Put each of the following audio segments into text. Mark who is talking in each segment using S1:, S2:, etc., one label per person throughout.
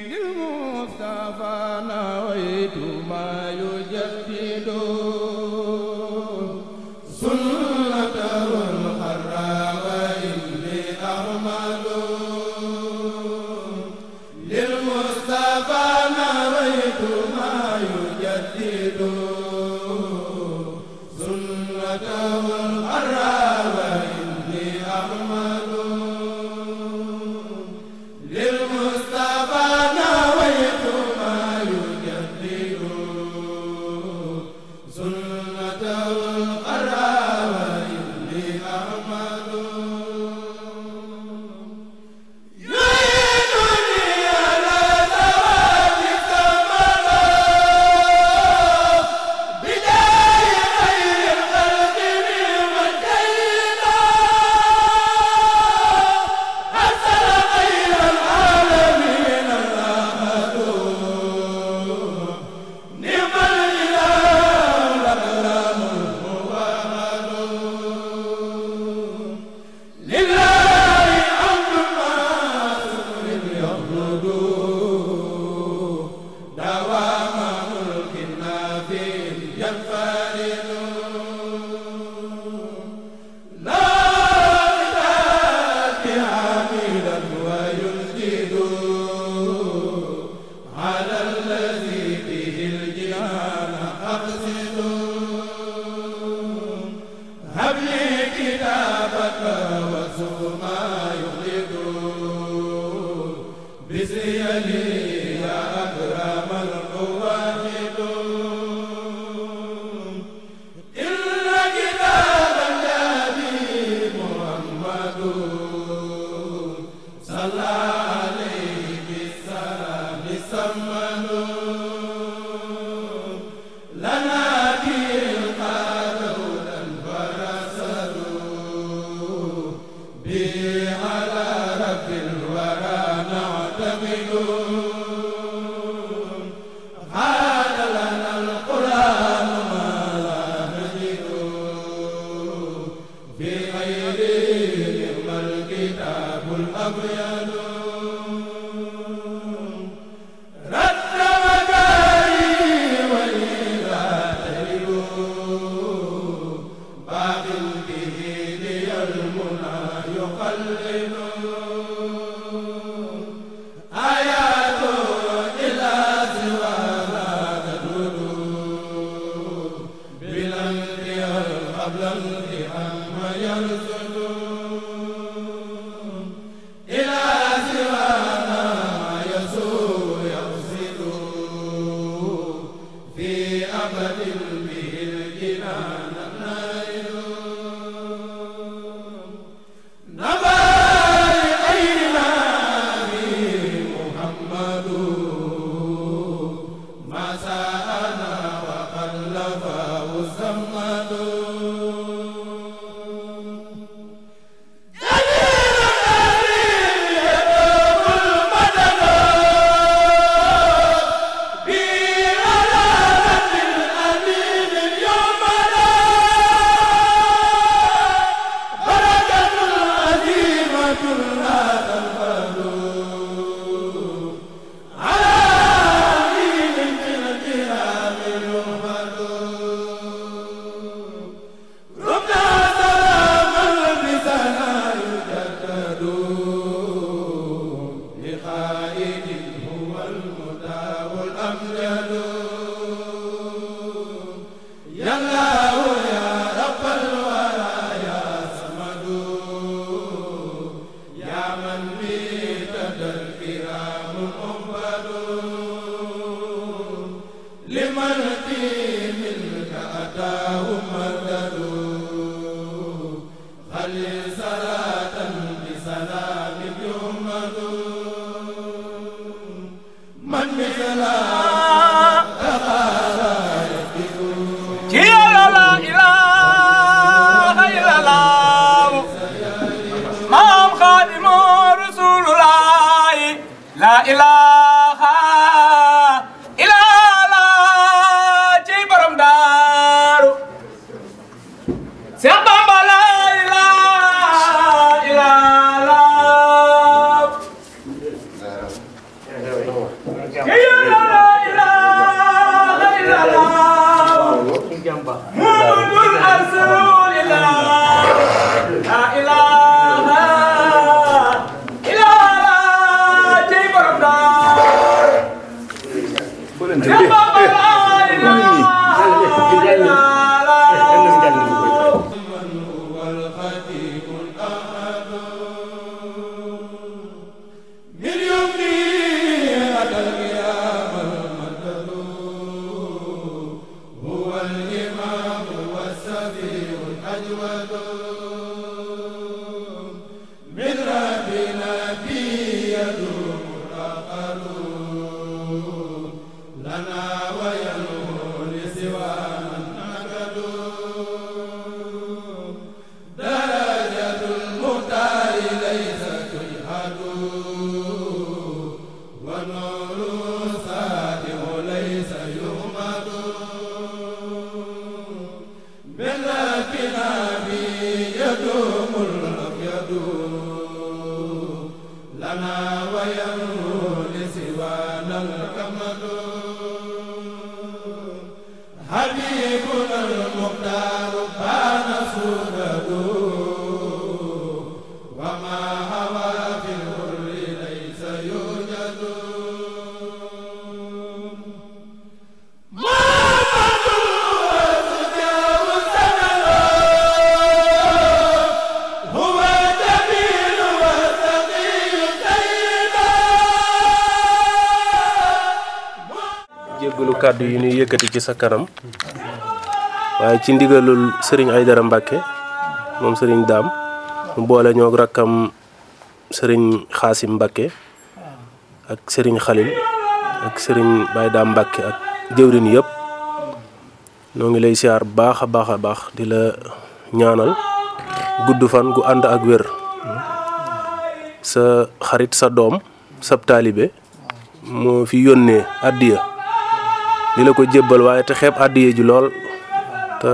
S1: للمصطفى نويت ما
S2: xayril man
S1: kitaabul abyad Amen.
S3: kaddu yu ñu yëkëti ci sa kanam waaye ci ndigalul sëriñ Aydara Mbàkke moom sëriñ daam mu boole kam rakkam sëriñ bake, Mbàkke ak sëriñ Xalil ak sëriñ bay Daam Mbàkke ak jëwrin yëpp noo ngi lay siyaar baax a baax a baax di la ñaanal gudd fan gu ànd ak wér sa xarit sa doom sab taalibe moo fi yónnee addiya li la ko jébal waaye te xeeb àddiya ji lool te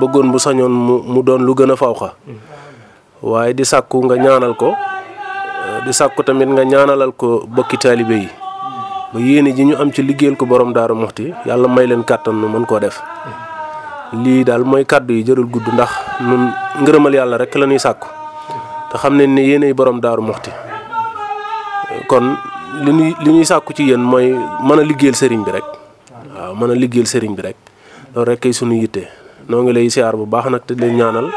S3: bëggoon bu sañoon mu mu doon lu gën a fawxa waaye di sàkku nga ñaanal ko di sàkku tamit nga ñaanalal ko bokki taalibe yi ba yéene ji ñu am ci liggéeyal ko borom Daaru Muxti yàlla may leen kàttan nu mën koo def lii daal mooy kàddu yi jërul gudd ndax nun ngërëmal yàlla rek la ñuy sàkku te xam ne ni yéenay borom Daaru Muxti kon li ñuy li ñuy sàkku ci yéen mooy mën a liggéeyal sëriñ bi rek waaw mën a liggéeyal sëriñ bi rek loolu rek kay sunu yitte noo ngi lay siyaar bu baax nag te leen ñaanal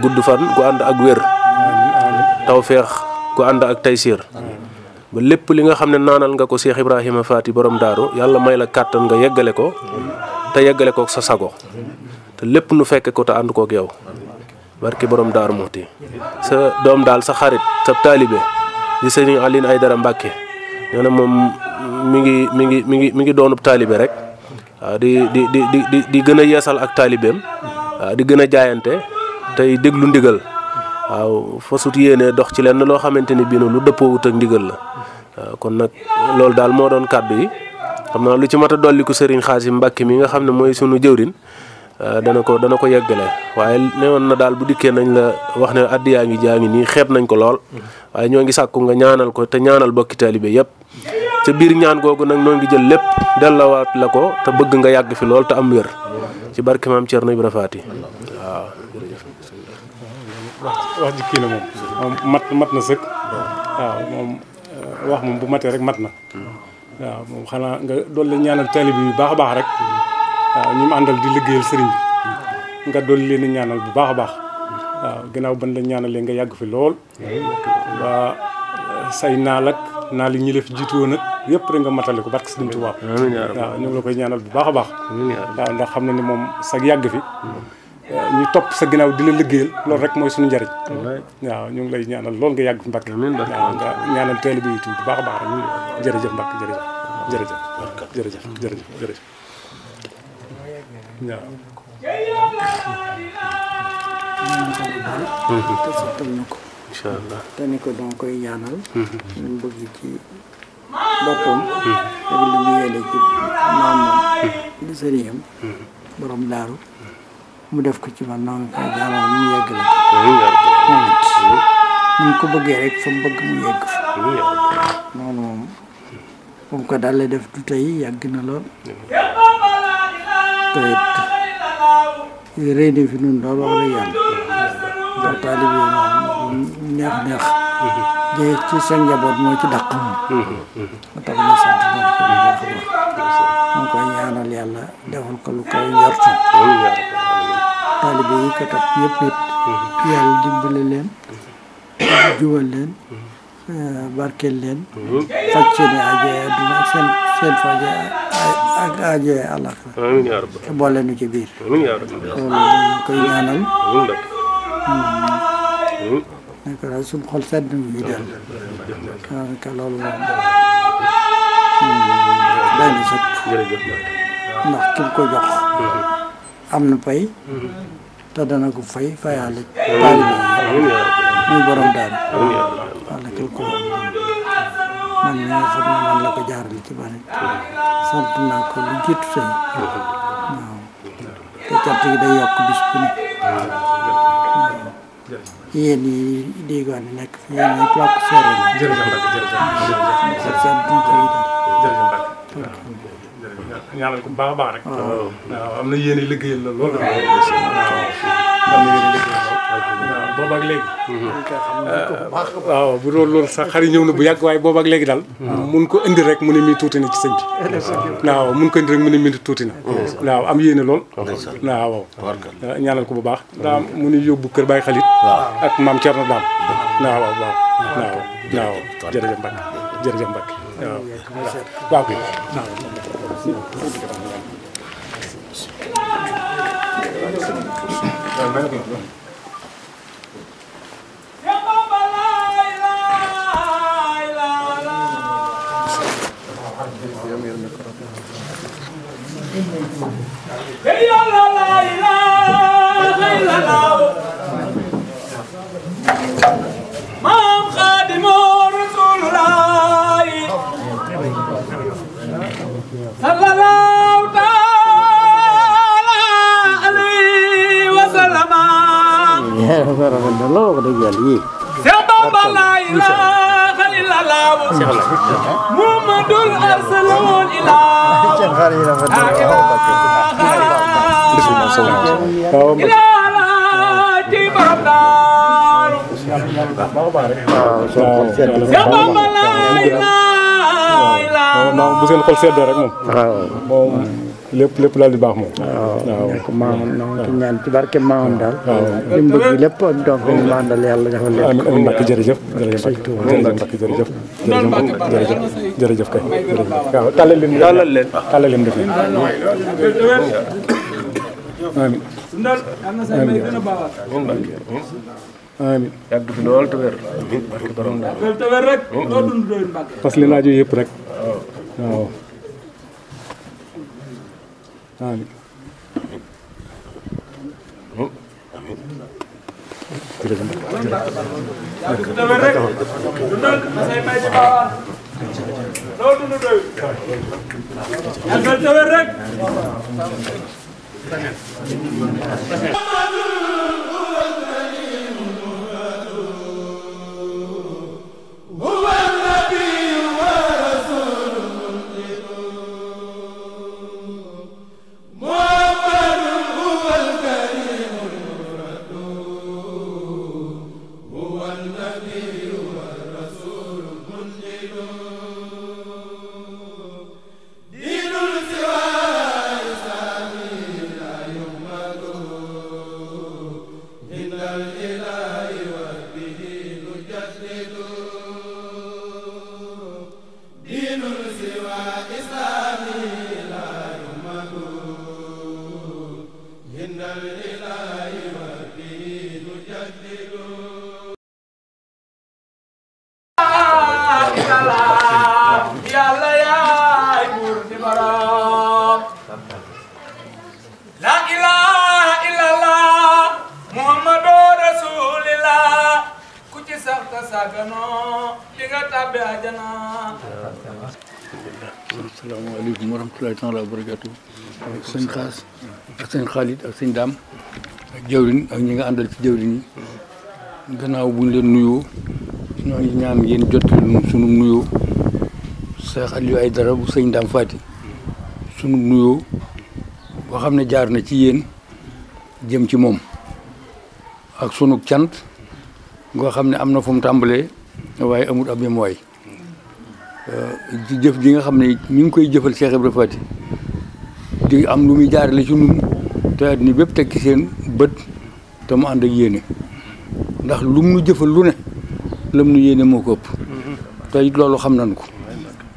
S3: gudd fan ku ànd ak wér tawfeex ku ànd ak taysiir ba lépp li nga xam ne naanal nga ko Cheikh Ibrahima Fati borom daaru yàlla may la kàttan nga yeggale ko te yeggale ko sa sago te lépp nu fekke ko te ànd kook yow barki borom daaru moti, sa dom dal sa xarit sa taalibe di sëriñ Aline Aydara Mbàkke nee na moom mi ngi mi ngi mi ngi taalibe rek waaw di di di di gën a yeesal ak taalibeem waaw di gën a jaayante tey déglu ndigal waaw fasut yéene dox ci lenn loo xamante ni bii noonu lu dëppoowut ak ndigal la kon nag loolu daal moo doon kàddu yi xam naa lu ci mat a dolli ko Serigne Xaasim Mbàkke mi nga xam ne mooy sunu jëwrin dana ko dana ko yegg yeggale waaye newoon na daal bu dikkee nañ la wax ne addi yaa ngi jaa ngi nii xeeb nañ ko lool waaye ñoo ngi sàkku nga ñaanal ko te ñaanal bokki taalibe yépp biir ñaan googu nag noo ngi jël lépp delloowaat la ko te bëgg nga yàgg fi lool te am wér ci barke maam Thierno na Faty
S4: waaw.
S5: wax ji kii moom mat mat na sëkk waaw moom euh, wax moom bu matee rek mat na waaw moom xanaa nga dolli ñaanal taalib bi bu baax a baax rek waaw ñu mu àndal di liggéeyal sëriñ bi nga dolli leen ñaanal bu baax a baax waaw ginnaaw ban la ñaanalee nga yàgg fi lool waa euh, say naal ak na li ñi def jiitu woon ak yëpp rek nga matalé ko barke sëñtu Tuubaa waaw ñu ngi la koy ñaanal bu baaxa baax waaw ndax xam ni moom sa yàgg fi mm. ñu top sa ginaaw di la liggéeyal loolu rek mooy suñu njariñ waaw ñu ngi lay ñaanal loolu nga yàgg fi ñaanal teel bi bu baax baax jërëjëf jërëjëf jërëjëf jërëjëf jërëjëf jërëjëf waaw mm-hmm.
S6: incha allah te ko dama koy ñaanal. ñu mm-hmm. bëgg ci boppam. ak li mu yéene ci mm-hmm. di sëriñam. Mm-hmm. borom daaru. mu def ko ci man noonu ko jaaroo mu yegg la. ñu ko bëggee rek fa mu bëgg mu yegg fa. moom moom ko daal def du tey yàgg na lool. te it réy na fi noonu lool wax dëgg yàlla. ndax taalib yi neex neex jëye ci sa njaboot moo ci dàq moom moo tax ñu
S7: sant ñaan ko bu baax a baax
S8: mu koy ñaanal yàlla defal ko lu koy njortu taalibe yi ko topp yëpp it yàlla dimbale leen
S6: jubal leen barkeel leen faj seeni aajo adduna ak seen seen faj ak aajo àllaxira te boole nu ci biir loolu
S7: ñu koy ñaanal
S6: nekk daal xol sedd mu ngi dellu daanaka loolu moom
S4: day na sëkk ndax
S6: ki ko jox am na pay te dana ko fay fayaale taali bi muy borom
S4: daal wala ki
S7: ko man mi nga xam ne man la ko jaarale ci bari sant naa ko lu jiitu tey waaw te cant yi day yokk bis bu ne
S5: yéen yi di ko nekk yéen ñi toog seere la. jërëjëf Mbacke
S9: jërëjëf ñaanal ko bu baax a baax rek. waaw am na yéen a liggéeyal la lool. boobu ak léegi.
S5: waaw bu doon loolu sax xari ñëw na bu yàgg waaye boobu ak léegi daal. mun ko indi rek mu ne mii tuuti na ci sëñ bi. waaw mun ko indi rek tuuti na. waaw am yéene lool. waaw ñaanal ko bu baax. daa mu ni yóbbu kër Baye Khalid. ak maam Thierno Dame. waaw waaw waaw waaw jërëjëf Mbacke jërëjëf Mbacke
S9: Hey, la
S7: la la la la la
S8: Siapa Abendalo ko deg yali
S7: Seto bala ilaha
S8: illallah Muhammadul asalul ilah Cen khari ila
S2: Bismillah
S5: Mau bu seen xol sedd rek moom moom lépp lépp daal di baax moom. waaw nekk maamam noonu ci ñaan ci barke maamam daal. waaw li mu bëgg
S8: lépp ak doom bi mu àndal yàlla defal leen. amiin amiin Mbacke jërëjëf. jërëjëf Mbacke jërëjëf jërëjëf
S5: jërëjëf kay. waaw tàllal leen tàllal leen tàllal leen def leen. amiin amiin yàgg fi lool te wér.
S4: barke borom daal.
S5: parce que li naa jógee yëpp rek waaw. amiin amiin
S7: sagano dinga tàbbi àjjana
S6: asalaamaaleykum wa rahmatulahi taala wa barakatu ak sëñ xaas ak sëñ xaalit ak sëñ daam jëwriñ ak ñi nga àndal ci jëwriñ yi gannaaw buñ leen nuyoo ñoo ngi ñaan yéen jottali sunu nuyoo Cheikh Aliou Aïdara bu sëñ Dame Faty sunu nuyoo boo xam ne jaar na ci yéen jëm ci moom ak sunu cant ngoo xam ne am na fu mu tàmbalee waaye amut ab yem waay euh, ci jëf ji nga xam ne ñu ngi koy jëfal Cheikh Ibra Faty di am lu muy jaarale ci ñun te àddina bépp tekki seen bët té mu and ak yéene ndax lu mu jëfël lu ne lam nu yéene moo ko ëpp
S9: mm-hmm.
S6: te loolu xam nañ ko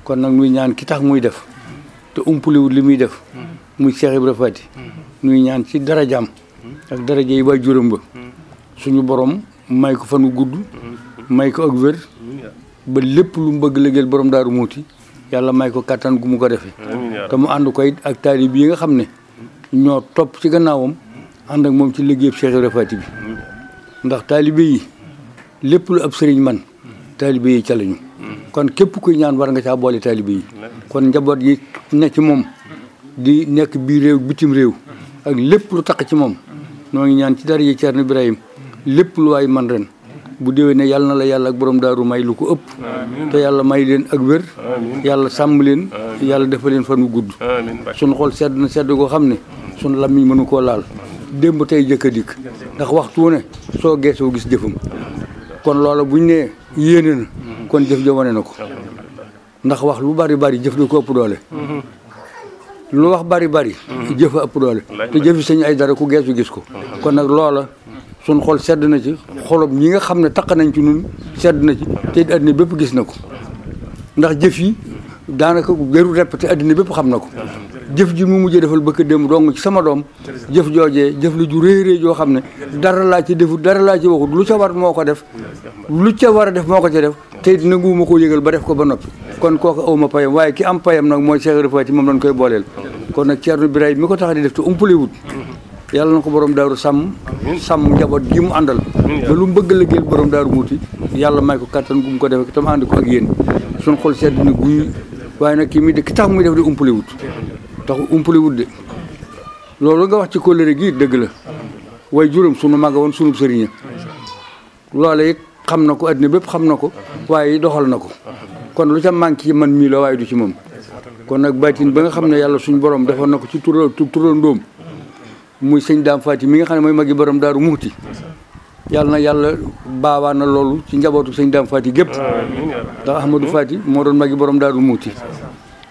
S6: kon nag nuy ñaan ki tax muy def te umpulewut li muy def mm-hmm. muy Cheikh Ibra Fati mm-hmm. nuy ñaan ci jam ak dara jey ba juróom ba suñu borom may ko fanu gudd may ko ak wër ba lépp lu mu bëgg liggéeyal borom daaru muuti yàlla may ko kattan gu mu ko defee ya te mu ànd ko it ak taalibe yi nga xam ne ñoo topp ci gannaawam ànd ak moom ci liggéeyub Cheikh Ibra Faty bi ndax taalibe yi lépp lu ab sëriñ man taalibe yi ca lañu kon képp kuy ñaan war nga caa boole taalibe yi kon njaboot yi ne ci moom di nekk biir réew bitim réew ak lépp lu taq ci moom noo ngi ñaan ci dara yi Ceerno Ibrahim lépp lu waaye man ren bu déwee ne yàlla na la yàlla ak borom daaru may lu ko ëpp te yàlla may leen ak wér yàlla sàmm leen yàlla defal leen fan wu gudd suñu xol sedd na sedd koo xam ne suñu lammiñ mënu koo laal démb tey jëkk a dikk ndax waxtu ne soo geesoo gis jëfam kon loola buñ nee yéene na kon jëf ja wane na ko ndax wax lu bari bari jëf da ko ëpp doole lu wax bari bari jëf a ëpp doole te jëfi sañ ay dara ku geesu gis ko kon nag loola sun xol sedd na ci xolob ñi nga xam ne taq nañ ci nun sedd na ci te àddina bépp gis na ko ndax jëf yi daanaka gëru répété àddina bépp xam na ko jëf ji mu mujjé defal bëkk dem dong ci sama dom jëf jojé jëf lu ju réerée Jo xam dara la ci defu dara la ci waxu lu ca war moko def lu ca war def moko ko ca def te it nanguwuma ko yëgal ba def ko ba nopi kon koku awma payam waaye ki am payam nag moy Cheikh Rafati mom lañ koy bolél kon nak cheikh ibrahim mi ko tax di def te umpale wut yalla nako borom daru sam sam njabot gi mu andal ba lu mu bëgg borom daru muti yalla may ko katan gum ko defee tam and ko ak yeen sun xol sedd ni guy ki tax def di wut tax umpule wut de loolu nga wax ci kóllëre gi dëgg la way juróom sunu màgg woon sunu sëriñ loola it xam na ko àddina bépp xam na ko waaye doxal na ko kon lu ca manqué ci man mii la waaye du ci moom kon nag baatin ba nga xam ne yàlla suñu borom defoon na ko ci tural turandóom muy sëñ daam Faati mi nga xam ne mooy magi borom daaru muuti yàlla na yàlla baawaa na loolu ci njabootu sëñ daam Faati gépp ndax Ahmadou Faati moo doon mag yi borom daaru muuti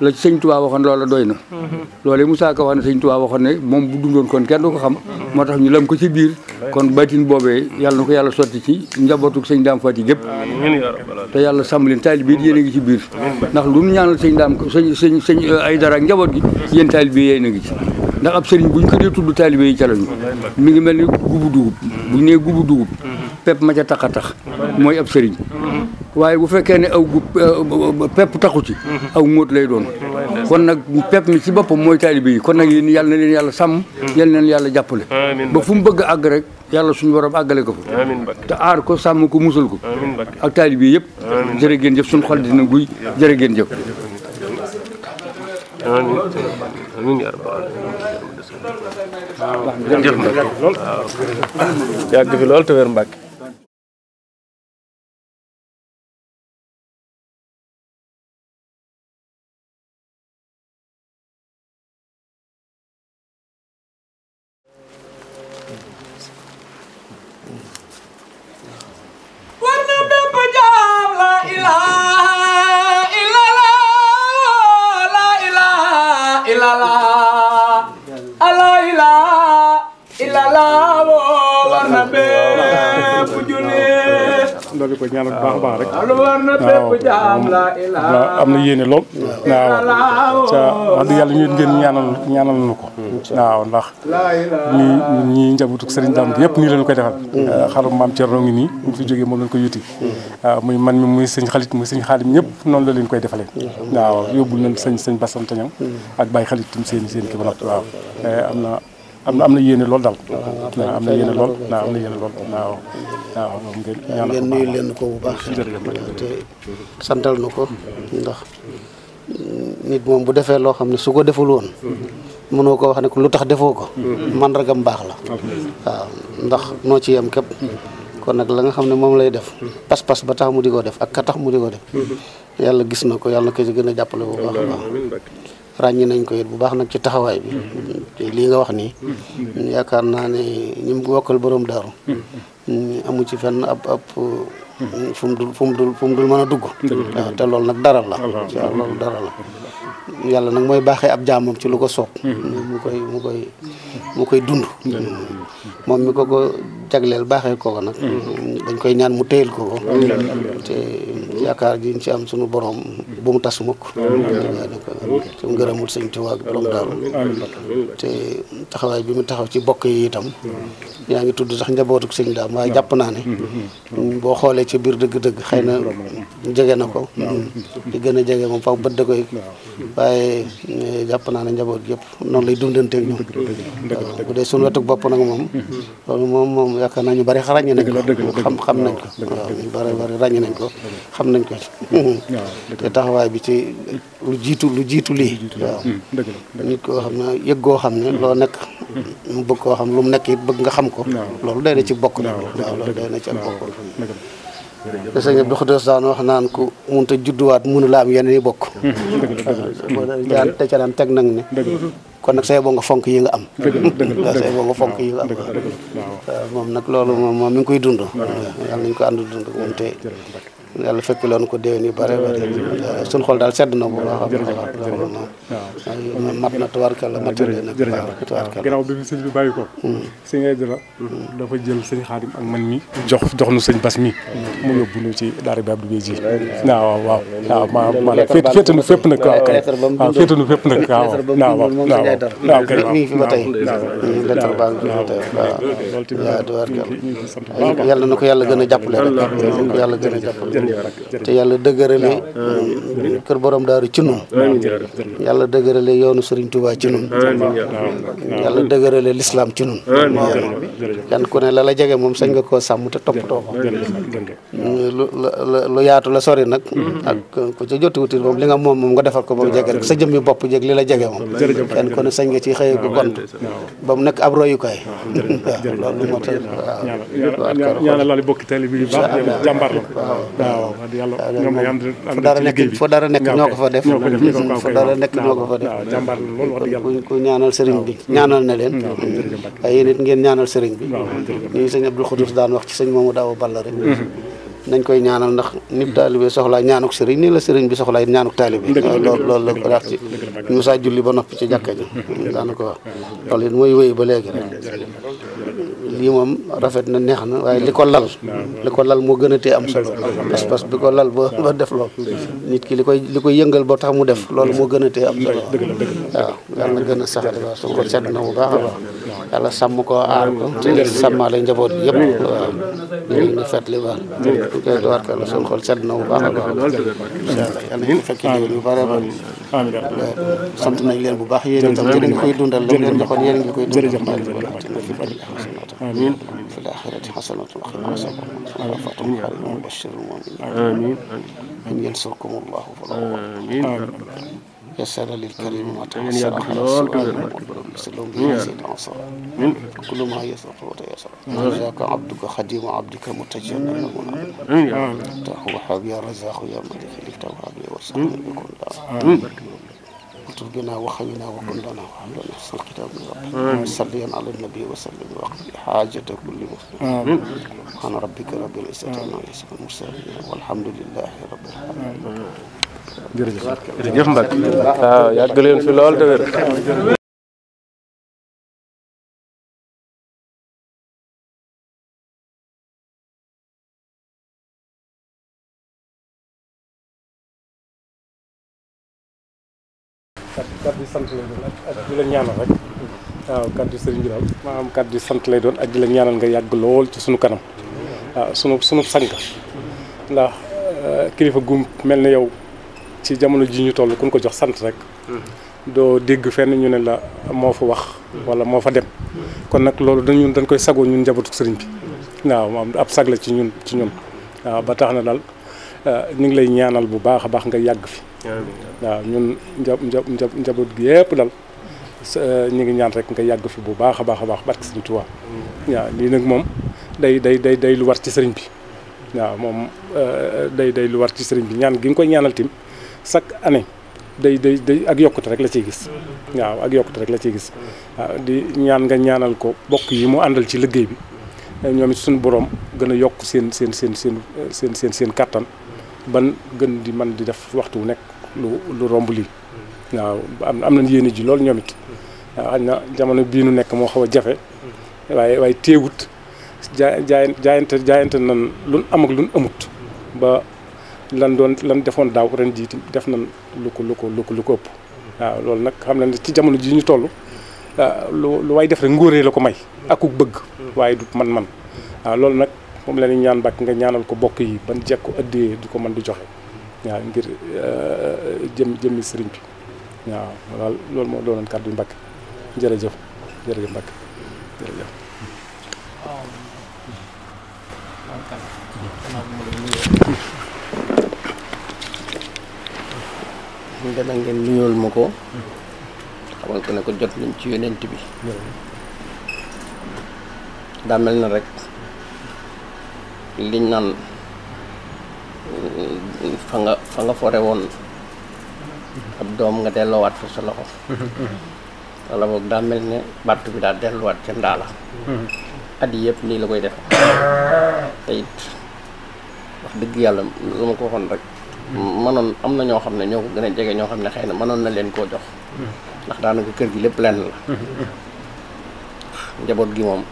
S6: la ci sëñ Tuubaa waxoon loola doy na loolee Moussa Ka wax na sëñ Tuubaa waxoon ne moom bu dundoon kon kenn ko xam moo tax ñu lam ko ci biir kon batin boobee yàlla na ko yàlla sotti ci njabootu sëñ Daam Faati gépp te yàlla sàmm leen taalib yi yéen a ngi ci biir ndax lu ñu ñaanal sëñ Daam sëñ sëñ sëñ eh, ay dara ak njaboot gi yéen taalib yi yéen a ngi ci ndax ab sëriñ bu ñu ko dee tudd taalibe yi ca lañu mi ngi mel ni gubu dugub bu ñu nee gubu dugub pepp ma ca tax a tax mooy ab sëriñ waaye bu fekkee ne aw pepp taxu ci mhm. aw móot lay doon kon nag pepp mi ci boppam mooy taalibe yi kon nag yéen yàlla na leen yàlla sàmm mhm. yàlla na leen yàlla jàppale ba fu mu bëgg àgg rek yàlla suñu borom àggale ko fa te aar ko sàmm ko musal ko ak taalibe yi yëpp jërë ngeen jëf suñu xol dina guy jërë ngeen jëf
S9: yàgg fi lool
S5: ñaanal bu baax a baax
S7: rek. waaw am na yéene lool. waaw ca wax dëgg
S5: yàlla ñun ngeen ñaanal ñaanal na ko. waaw ndax ñii ñii njabootu Serigne yëpp nii lañu koy defal. Mm. xarum maam Thierno ngi nii bu fi jógee moom lañu koy yuti. Mm. muy man mi muy sëñ xalit muy sëñ xaalim ñëpp noonu la leen koy defalee. waaw yóbbul nañu sëñ sëñ Bassam mm. Tañam ak seen seen kii ba noppi waaw eh, am na. am na am na yéene lool daal. waaw am na yéene lool waaw am na yéene lool waaw. waaw ngeen nuyu ko bu baax te
S10: santal na ko ndax nit moom bu defee loo xam ne su ko deful woon mm-hmm. mënoo ko wax ne ko lu tax defoo ko mm-hmm. mandargam baax la mm-hmm. waaw ndax noo ci yem képp kon nag la nga xam ne moom lay def pas-pas ba tax mu di ko def ak ka tax mu di ko def yàlla gis na ko yàlla na ko ci gën a jàppale bu baax
S4: a
S10: ràññi nañ ko it bu baax nag ci taxawaay bi lii nga wax nii yaakaar naa ne ñi mu wokkal borom daaru amu ci fenn ab ab fu dul fu dul fu mu a dugg te loolu nag dara la lool loolu dara la yàlla nag mooy baaxee ab jaamam ci lu ko soob. mu koy mu koy mu koy dund. moom mi ko ko jagleel baaxe ko ko nag. dañ koy ñaan mu téyel ko ko. te yaakaar ji ñu ci am sunu boroom bu mu tas mukk. te mu sëñ Tuubaa taxawaay bi mu taxaw ci bokk yi itam. yaa ngi tudd sax njabootuk sëñ daam waaye jàpp naa ne. boo xoolee ci biir dëgg-dëgg xëy na. jege na ko. Mm. li gën a jege moom faw bët da koy. waaye eh, jàpp naa ne njaboot yëpp noonu lay dundanteeg ñoom. dëgg bu dee suñu wetuk bopp nag moom. loolu moom moom yaakaar naa ñu bari ràññee nañ ko. xam xam nañ ko waaw ñu bari ràññee nañ ko xam nañ ko te taxawaay bi ci lu jiitu lu jiitu lii. waaw mm, nit koo xam ne yëg goo xam ne loo nekk. Mm. mu bëgg koo xam lu mu nekk it bëgg nga xam ko. loolu day na ci bokk. waaw loolu day na ci bokk. te sëñ Abdou Khoudoss daan wax naan ku mënut a judduwaat mënula am yeneen yi bokk daan te ca daan teg nag ne kon nag say boo nga fonk yi nga am waaw say boo nga fonk yi nga am moom nag loolu moom mi ngi koy dund yàlla nañ ko ànd dund moom te yàlla fekk loon ko déwén yu bare bare suñ xool daal sedd na bu baax waaw
S5: mat na tubaarkàlla matale na jërëjëf gannaaw bi fi sëñ bi bàyyi ko sëñ Aïdara dafa jël ma ma féetanu fépp nag waaw waaw féetanu fépp nag waaw waaw waaw waaw kay mi ngi fi ba tey lettre baa ngi fi ba tey
S10: waaw waaw tubaarkàlla gën a jàppale rek a te yàlla dëgërale kër borom daaru ci nun yàlla dëgërale yoonu Serigne Touba ci nun yàlla dëgërale lislaam ci nun kenn ku ne la la jege moom sañ nga koo sàmm te toppatoo ko lu lu yaatu la sori nag mm-hmm. ak ku ca jotiwuti moom li nga moom moom nga defal ko ba mu jege sa jëmmi bopp jeeg li la jege moom kenn ku sañ nga ci xëye ko gont ba mu nekk ab royukaay waaw yàlla ñoom ñoo ànd fu dara nekk fu dara nekk ñoo ko fa def fu dara nekk ñoo ko fa def jàmbaar loolu wax dëgg yàlla ku ñaanal sëriñ bi ñaanal na leen waaye yéen it ngeen ñaanal sëriñ bi nii sëñ Abdou Khoudous daan wax ci sëñ a daaw balla rek mm-hmm. nañ koy ñaanal ndax nit taalibe soxlaa ñaanuk sëriñ nii la sëriñ bi soxlaa ñaanuk taalibe loolu la ko daal ci Moussa julli ba noppi ci jàkka ji mm-hmm. daana wax loolu mooy wéy ba léegi lii moom rafet na neex na waaye li ko lal li ko lal moo gën a tee am solo pas-pas bi ko lal ba ba def lool nit ki li koy li koy yëngal ba tax mu def loolu moo gën a tee am solo waaw yàlla a sax waaw su ko na bu baax a baax sàmm ko aar ko ci sàmmaale njaboot bi yëpp waaw ñu ngi fàttali baax koy door ko la suñu na bu baax a baax yàlla ñu fekk yu bare bare sant nañ leen bu baax yéen itam a ngi koy dundal la leen joxoon a ngi koy dundal آمين في الآخرة حسنة وخير حسنة النار فتح وبشر المؤمنين آمين إن ينصركم الله فلا آمين سلام للكريم ما تحصل سلام يا سيد عصر كل ما يسر وتيسر رزاك عبدك خديم عبدك متجن يا تهو يا رزاق يا ملك لك توهب وسلم بكل بنا وخينا وكلنا وحملنا في الكتاب من ربنا صليا على النبي وسلم وقضي حاجة كل مسلم سبحان ربك رب العزة عما يصفون المرسلين
S2: والحمد لله رب العالمين sant lay doon ak di la ñaanal rek waaw kàddu sëriñ bi daal sant
S5: lay doon ak di la nga yàgg lool ci sunu kanam waaw sunu sunu ndax euh, kilifa gum mel na yow ci jamono ji ñu toll kun ko jox sant rek doo dégg fenn ñu ne la moo fa wax walla moo fa dem kon nag loolu dañu dañ koy sagoo ñun njabootu sëriñ bi waaw am ab sag la ci ñun ci ñun waaw ba tax na daal Eh, ñu ngi lay ñaanal bu baax baax nga yagg fi waaw ñun njab njab njabot gi yépp dal eh, ñu ngi ñaan rek nga yagg fi bu baax a baax baax barke sëriñ Tuubaa waaw li nak mom day day day day lu war ci sëriñ bi waaw mom eh, day day lu war ci sëriñ bi ñaan gi ngi koy ñaanal tim sak année day day day ak yokut rek la ci gis waaw ak yokut rek la ci gis waaw di ñaan nga ñaanal ko bokk yi mu andal ci liggey bi ñoom suñu borom gëna yok sen seen seen seen seen seen seen seen ban gën di man di def waxtu wu nekk lu lu romb lii. waaw am am nañ yéene ji loolu ñoom waaw xaj na jamono bii nu nekk moo xaw a jafe. waaye waaye teewut ja jaayante jaayante nan luñ am ak luñ amut. ba lan doon lan defoon daaw ren jii def nan lu ko lu ko lu ko ëpp. waaw loolu nag xam na ne ci jamono jii ñu toll. Ah, lu lu waay def rek la ko may. akuk bëgg. waaye du man man waaw loolu nag. moom la ñuy ñaan Mbàkke nga ñaanal ko bokk yi ban jekk ko ëddee di ko mën di joxe waaw ngir euh, jëm jëmmi sëriñ bi waaw daal loolu moo doonoon kàddu yu Mbàkke jërëjëf jërëjëf Mbàkke jërëjëf.
S8: ñu demal ngeen nuyool ma ko xamal ko ne nañ ci yonent bi daa na rek liñ naan mm, fa nga fa nga fore woon ab doom nga delloowaat fa sa loxo wala boog daa mel ne bàtt bi daa delluwaat ca ndaala at yi yëpp nii la koy def te it wax dëgg yàlla lu ma ko waxoon rek mënoon am na ñoo xam ne ñoo ko gën a jege ñoo xam ne xëy na mënoon na leen koo jox ndax daanaka kër gi lépp lenn la njaboot gi moom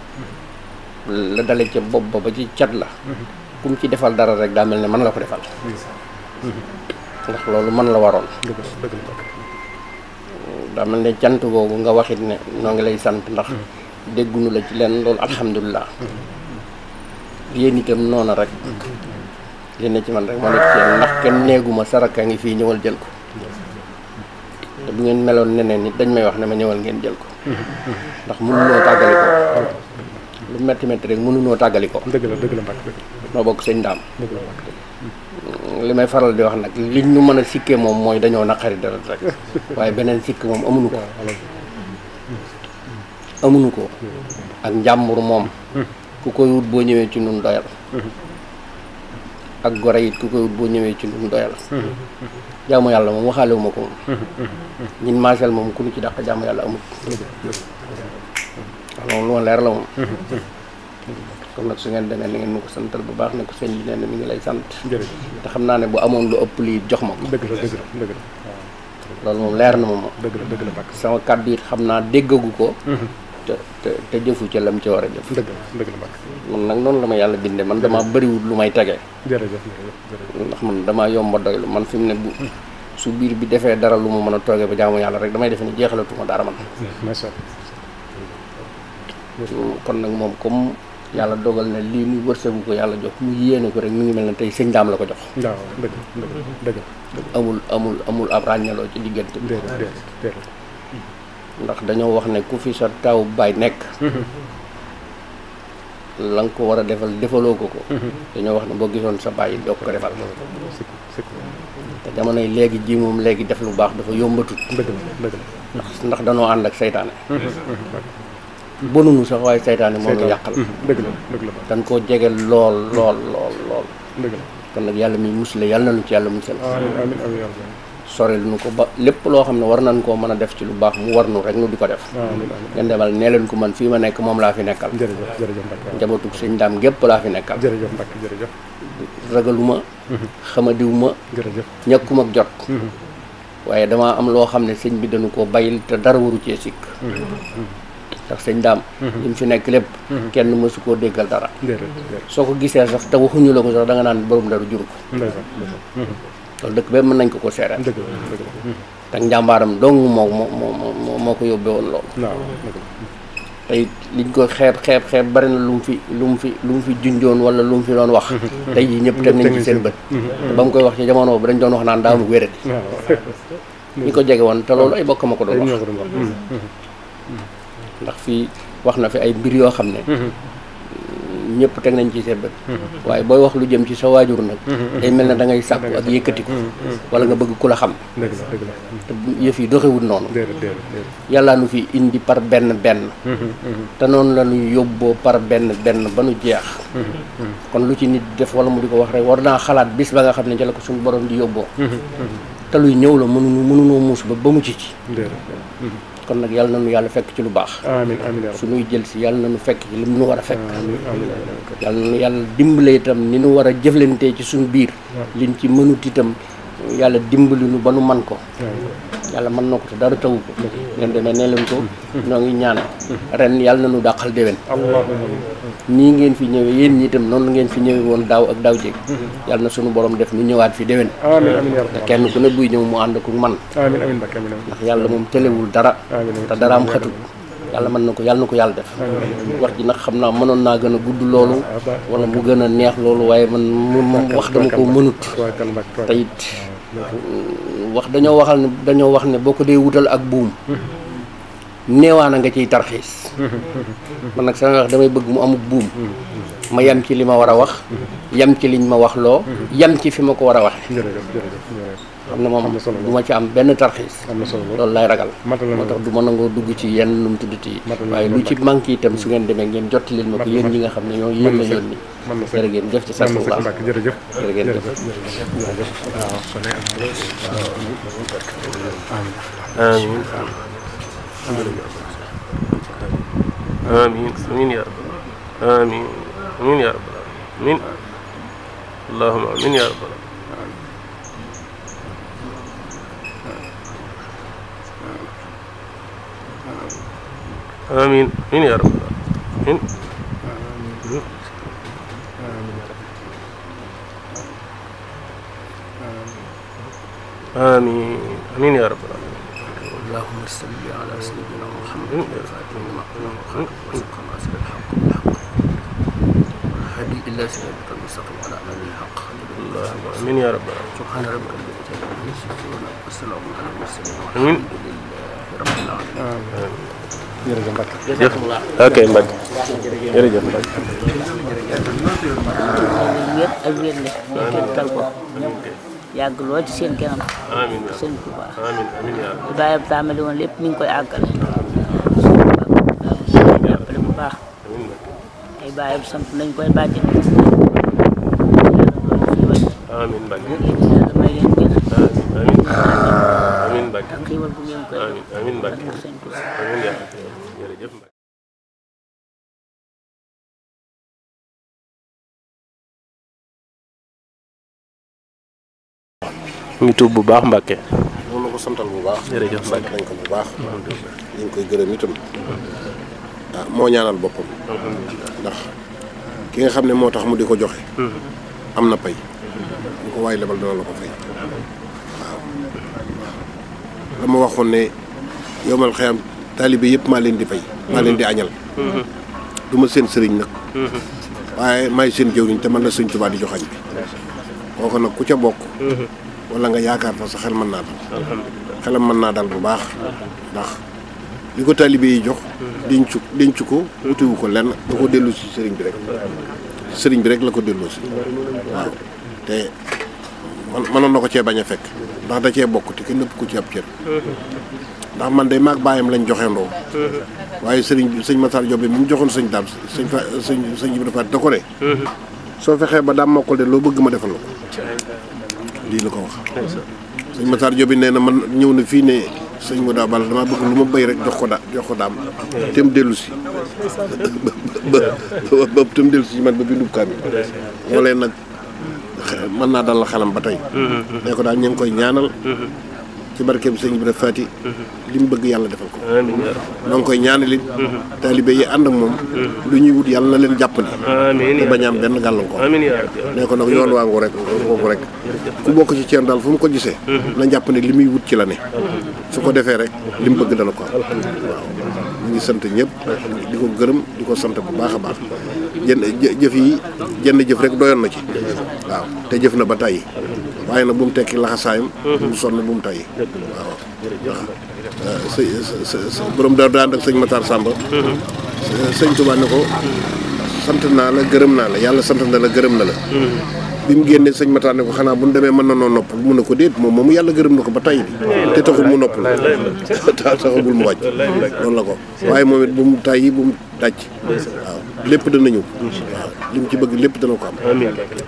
S8: la dale ca bopp ba ba ci cat la mhm. kum ci defal dara rek daa mel ne man la ko defal mhm. Mhm. ndax loolu man la waroon daa mel ne cant googu nga waxit ne noo ngi lay sant ndax déggunu la ci leen loolu alhamdulilah yéen itam noona rek yéen ci man rek ma nekk ci yéen ndax kenn néeguma saraka ngi fii ñëwal jël ko te bu ngeen meloon neneen nit dañ may wax ne ma ñëwal ngeen jël ko ndax mënuloo tàggale ko lu metti metti rek mënunoo tàggali ko dëgg la dëgg la mbak noo bokk sëñ daam
S9: dëgg la mbak mm,
S8: li faral di wax nag liñ ñu mën a sikkee moom mooy dañoo naqari dara rek waaye beneen sikk moom amuñu ko amuñu ko mm. ak njàmbur moom mm. ku koy wut boo ñëwee ci nun doyal ak gore it ku koy wut ci nun doyal jaamu yàlla moom waxaale wu ma ñin maasel moom ku ci ndax moom lu ma leer la moom kon nag su ngeen demee ni ngeen ma ko santal bu baax ne ko sëñ bi nee na ngi lay sant te xam naa ne bu amoon lu ëpp luy jox ma ko dëgg la loolu moom leer na ma moom dëgg la dëgg la sama kàddu it xam naa déggagu ko mhm. te te jëfu ca lam ci war a jëf dëgg la dëgg man nag noonu la ma yàlla bindee man damaa bëriwul lu may tegee jërëjëf ndax man damaa yomba doylu man fi mu ne bu mhm. su biir bi defee dara lu ma mën a toogee ba jaamu yàlla rek damay defe ne jeexalatuma dara man kon nag moom comme yàlla dogal na lii muy wërsëgu ko yàlla jox mu yéene ko rek mu ngi mel ne tey sëñ daam la ko jox. waaw
S5: dëgg dëgg
S8: amul amul amul ab ràññaloo ci diggante bi. ndax dañoo wax ne ku fi sa taw baay nekk. la ko war a defal defaloo ko ko. dañoo wax ne boo gisoon sa baay doo ko defal. te jamonoy léegi ji moom léegi def lu baax dafa yombatul. ndax ndax danoo ànd ak seytaane. bonu nu sax way setan mo ngi yakal mm-hmm. deug la deug la dañ ko jege lol lol lol lol deug la kon nak yalla mi musle yalla nañu ci yalla musal amin amin amin sorel nu ko ba lepp lo xamne war nañ ko meuna def ci lu bax mu war nu rek nu diko def ngeen demal ne leen ko man fi ma nek mom la fi nekkal jërëjëf jërëjëf Mbacke njabootug sëñ daam gépp laa fi nekkal jërëjëf mbak jërëjëf ragaluma mm-hmm. xama diwuma jërëjëf ñakum ak jot mm-hmm. waye dama am lo xamne seigne bi dañu ko bayil te dara waru ci sik ndax sëñ daam mhm. li mu fi nekk lépp mhm. kenn mësu koo déggal dara mhm. soo ko gisee sax te waxuñu la ko sax da nga naan borom daru jur ko dëkk ba mën nañ ko ko seereel tak njàmbaaram dong moo moo moo ko yóbbee woon loolu tey liñ ko xeeb xeeb xeeb bari na lu mu fi lu mu fi lu mu fi junjoon wala lu mu fi doon wax tey jii ñëpp te nañ ci seen bët ba mu koy wax ci jamono bi dañ doon wax naan daa wérati ñi ko jege woon te loolu ay bokk ma ko doon wax ndax fi wax na fi ay mbir yoo xam ne mhm. ñëpp teg nañ ci seen mhm. waaye booy wax lu jëm ci sa waajur nag mhm. day mel ne da ngay sàkku ak yëkkatiku wala nga bëgg ku la xam yëf yi doxewul noonu yàlla nu fi indi par benn benn te noonu la ñu yóbboo par benn benn ba nu jeex kon lu ci nit def wala mu di ko wax rek war naa xalaat bis ba nga xam ne ca ko suñu borom di yóbboo te luy ñëw la mënuñu mënuñoo muus ba ba mu ci ci kon na yàlla nañu yàlla fekk ci lu baax amiin amiin suñuy jël si yàlla nañu fekk ci lim nu war a fekk yàlla nañu yàlla dimbale itam ni nu war a jëflantee ci suñu biir liñ ci mënut itam yàlla dimbali nu ba nu man ko yàlla mën na ko te dara tawu ko nen mm-hmm. dana ne ko mm-hmm. ñoo ngi ñaan mm-hmm. ren yàlla na nu dàqal déwén nii ngeen fi ñëwee yéen ñi itam noonu ngeen fi ñëwee woon daaw ak daaw jéeg yàlla sunu borom def nu ñëwaat fi déwén kenn ku ne buy ñëw mu ànd ku man ndax yàlla moom telewul dara te dara am xatut yàlla mën na ko yàlla na ko yàlla def wax ji nag xam naa mënoon naa gën a gudd loolu wala mu gën a neex loolu waaye man moom wax dama ko mënut te it wax dañoo waxal ne dañoo wax ne boo ko dee wutal ak buum a nga ciy tarxiis man nag sama wax damay bëgg mu amut buum ma yam ci li ma war a wax yam ci liñ ma wax loo yam ci fi ma ko war a waxe xam ne moom du ma ci am benn tarxiis loolu lay ragal moo tax du ma nangoo dugg ci yenn nu mu tuddati waaye lu ci manqué itam su ngeen demee ngeen jotti leen ma ko yéen ne ñoo yéen la yónni jërë ngeen jëf ci sax bu baax jërëjëf jërë ngeen jëf
S4: waaw amiin amiin amiin yaa rabbal amiin amiin آمين آمين يا رب آمين آمين آمين يا رب اللهم صل على سيدنا محمد وعلى آله وصحبه وسلم ما سبب الحق بالحق هدي إلا سيدك المستقيم على أمل الحق آمين يا رب سبحان ربك رب العزة عما يصفون والسلام على المرسلين والحمد لله رب العالمين آمين
S5: jërëjëf Mbacke jërëjëf ok Mbacke jërëjëf Mbacke.
S4: ak wér la ñu kenn tal ko yàgg lool ci seen kanam. amiin seen Touba. amiin amiin yaa bàyyam tàmbali
S9: woon lépp mi ngi koy àggale. jàppale bu baax. ay bàyyam sant nañ koy bàjjale. amiin
S2: Mbacke yàlla may leen gën. amiin amiin Mbacke ak xiiwal bu ngeen koy. amiin amiin Mbacke amiin yaa ñu ngi tuub bu baax Mbacke. moom la ko santal bu baax. jërëjëf sant nañ ko
S11: bu baax. ñu ngi koy gërëm itam. ah moo ñaanal boppam. ndax ki nga xam ne moo tax mu di ko joxe. am na pay. bu ko waay lebal dana la ko fay. waaw. la ma waxoon ne yomal xëyam taalibe yëpp maa leen di fay. maa leen di añal. du seen sëriñ nag. waaye maay seen jëwriñ te man la sëriñ Tuubaa di joxañ bi. kooku nag ku ca bokk. wala nga yaakaar fa sa xel mën naa dal xelam mën naa dal bu baax ndax li ko taalibe yi jox denc denc ko wutiwu ko lenn da ko dellu si sëriñ bi bi rek la ko delloo si waaw te man cee bañ a fekk ndax da cee bokk te kenn ko ci ab cër ndax man de maag lañ joxeendoo waaye sëriñ bi sëñ Matar Diop bi mu joxoon sëñ da ko soo fexee ba daa mokkal loo bëgg ma defal la ko lii la ko wax sëñ Matar Diop nee na man ñëw na fii ne sëñ Moda Balla damaa bëgg lu ma béy rek jox ko da jox ko daam te mu dellu si ba ba te mu dellu si man ba bindu kaamil moo leen nag mën naa dal la xelam ba tey mm-hmm. ne ko daal ñu koy ñaanal mm-hmm. ci barkeem sëñ Ibrahima Fati mhm. li mu bëgg yàlla defal ko noo ngi koy ñaanalit mhm. taalibe yi ànd ak moom mhm. lu ñuy wut yàlla na leen jàppale te bañ a am benn gàllankoor ne ko nag yoon waa ngu rek kooku rek ku bokk ci ceen daal fu mu ko gisee na jàpp ne li muy wut ci la ne su ko defee rek li mu bëgg dana ko am mu ñu ngi sant ñëpp di ko gërëm di ko sant bu baax a baax jën jëf yi jënd jëf rek doyoon na ci waaw te jëf na ba tàyyi waaye nag bu mu tekki laxasaayam bu mhm. mu sonn bu mu tayyi waaw ndax euh, sa borom daal daan ak sëñ Matar Samba mhm. sëñ Tuubaa ne ko sant naa la gërëm naa la yàlla sant na la gërëm na la mhm. bi mu génnee sëñ Matar ne ko xanaa bu ñu demee mën na noo nopp mun na ko déet moom moomu yàlla gërëm na ko ba tey te taxul mu nopp la taxagul mu wàcc loolu la ko waaye moom it bu mu tayyi bu mu daj waaw lépp dana ñëw li mu ci bëgg lépp dana ko am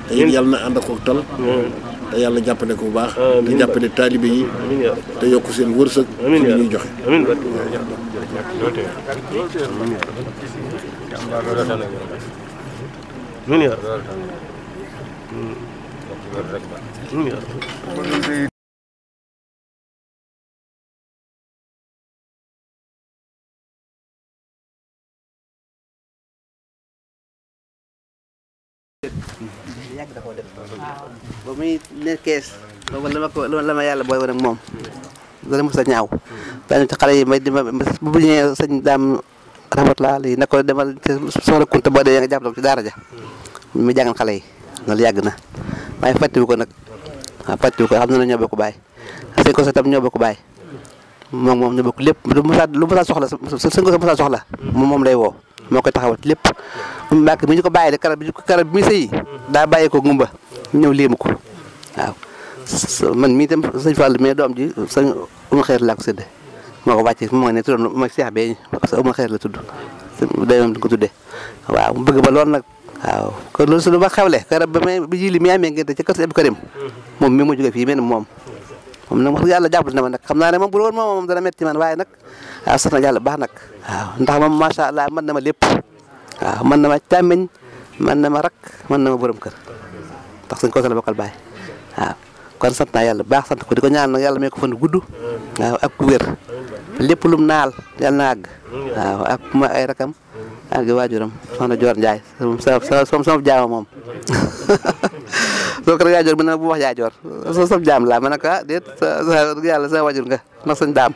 S11: te yàlla na ànd ak tal te yàlla jàppale ko bu baax te jàppale taalibe yi te yokk seen wërsëg ci li ñuy joxe
S2: amiin yàgg da koo def. ba muy
S12: nekkee boobu la ma ko la ma yàlla booy woon moom. dana mos a ñaaw. daañu ci xale yi may bu ñëwee sëñ daam rahmatulah lii na ko demal te soxla kunta boo dee nga jàppale ko ci daara ja. mu jàngal xale yi loolu yàgg na waaye fàttiwu ko nag waaw fàttiwu ko xam na ne ñoo bokk baay sëñ ko sa tam ñoo bokk baay moom moom ñoo bokk lépp lu mu soxla sëñ ko sa mu soxla moom moom lay woo. moo koy taxawal lépp mbàkk bi ñu ko bàyyi de karab bi karab bi muy sëyi daa bàyyi ko ngumba ñëw léemu ko waaw man mii tam sëñ Fall mais doom ji sëñ uma xeer laa ko sédde moo ko wàcce moo ne tuddoon ma seex bee sa uma xeer la tudd dayam di ko tuddee waaw mu bëgg ba lool nag waaw kon loolu su lu ma xewle karab ba may bi jili mi amee ngente ca kër si Abdou Karim moom mi mu jóge fii mel ni moom moom nag wax yàlla jàppal na ma nag xam naa moom bu doon moom moom dana metti man waaye nag waaw sax na yàlla baax nag waaw ndax moom macha allah mën na ma lépp waaw na ma càmmiñ mën na ma rak na ma borom kër ndax suñ ko sala bokkal baay waaw kon sant naa baax sant ko di ko ñaan nag yàlla may ko fan gudd waaw ak ku wér lépp lum naal yàlla na àgg waajuram soxna Joor Njaay moom soo ko yaa joor bi na bu wax joor so sam laa ma ne ko ah déet waajur nga ndax sañ daam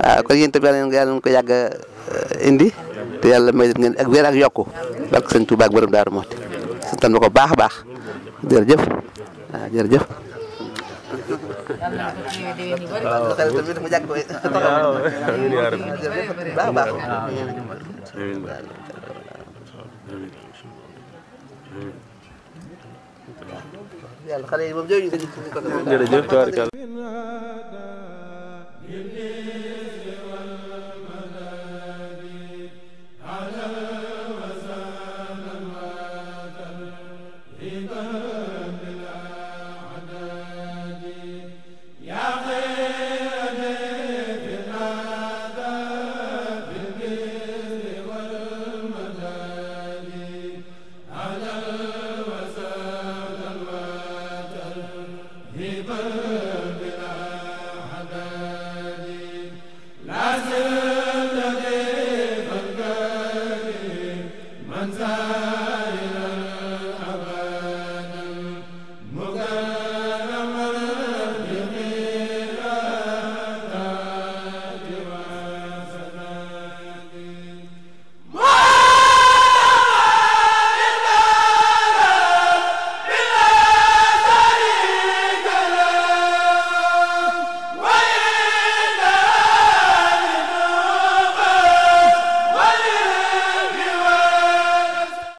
S12: waaw kon yéen tamit yàlla ngeen Eh, indi te yàlla may ngeen ak weer ak yokku barke sëñ Tuubaa ak borom Daaru Muxti santan ma ko baax a baax jërëjëf waaw ah,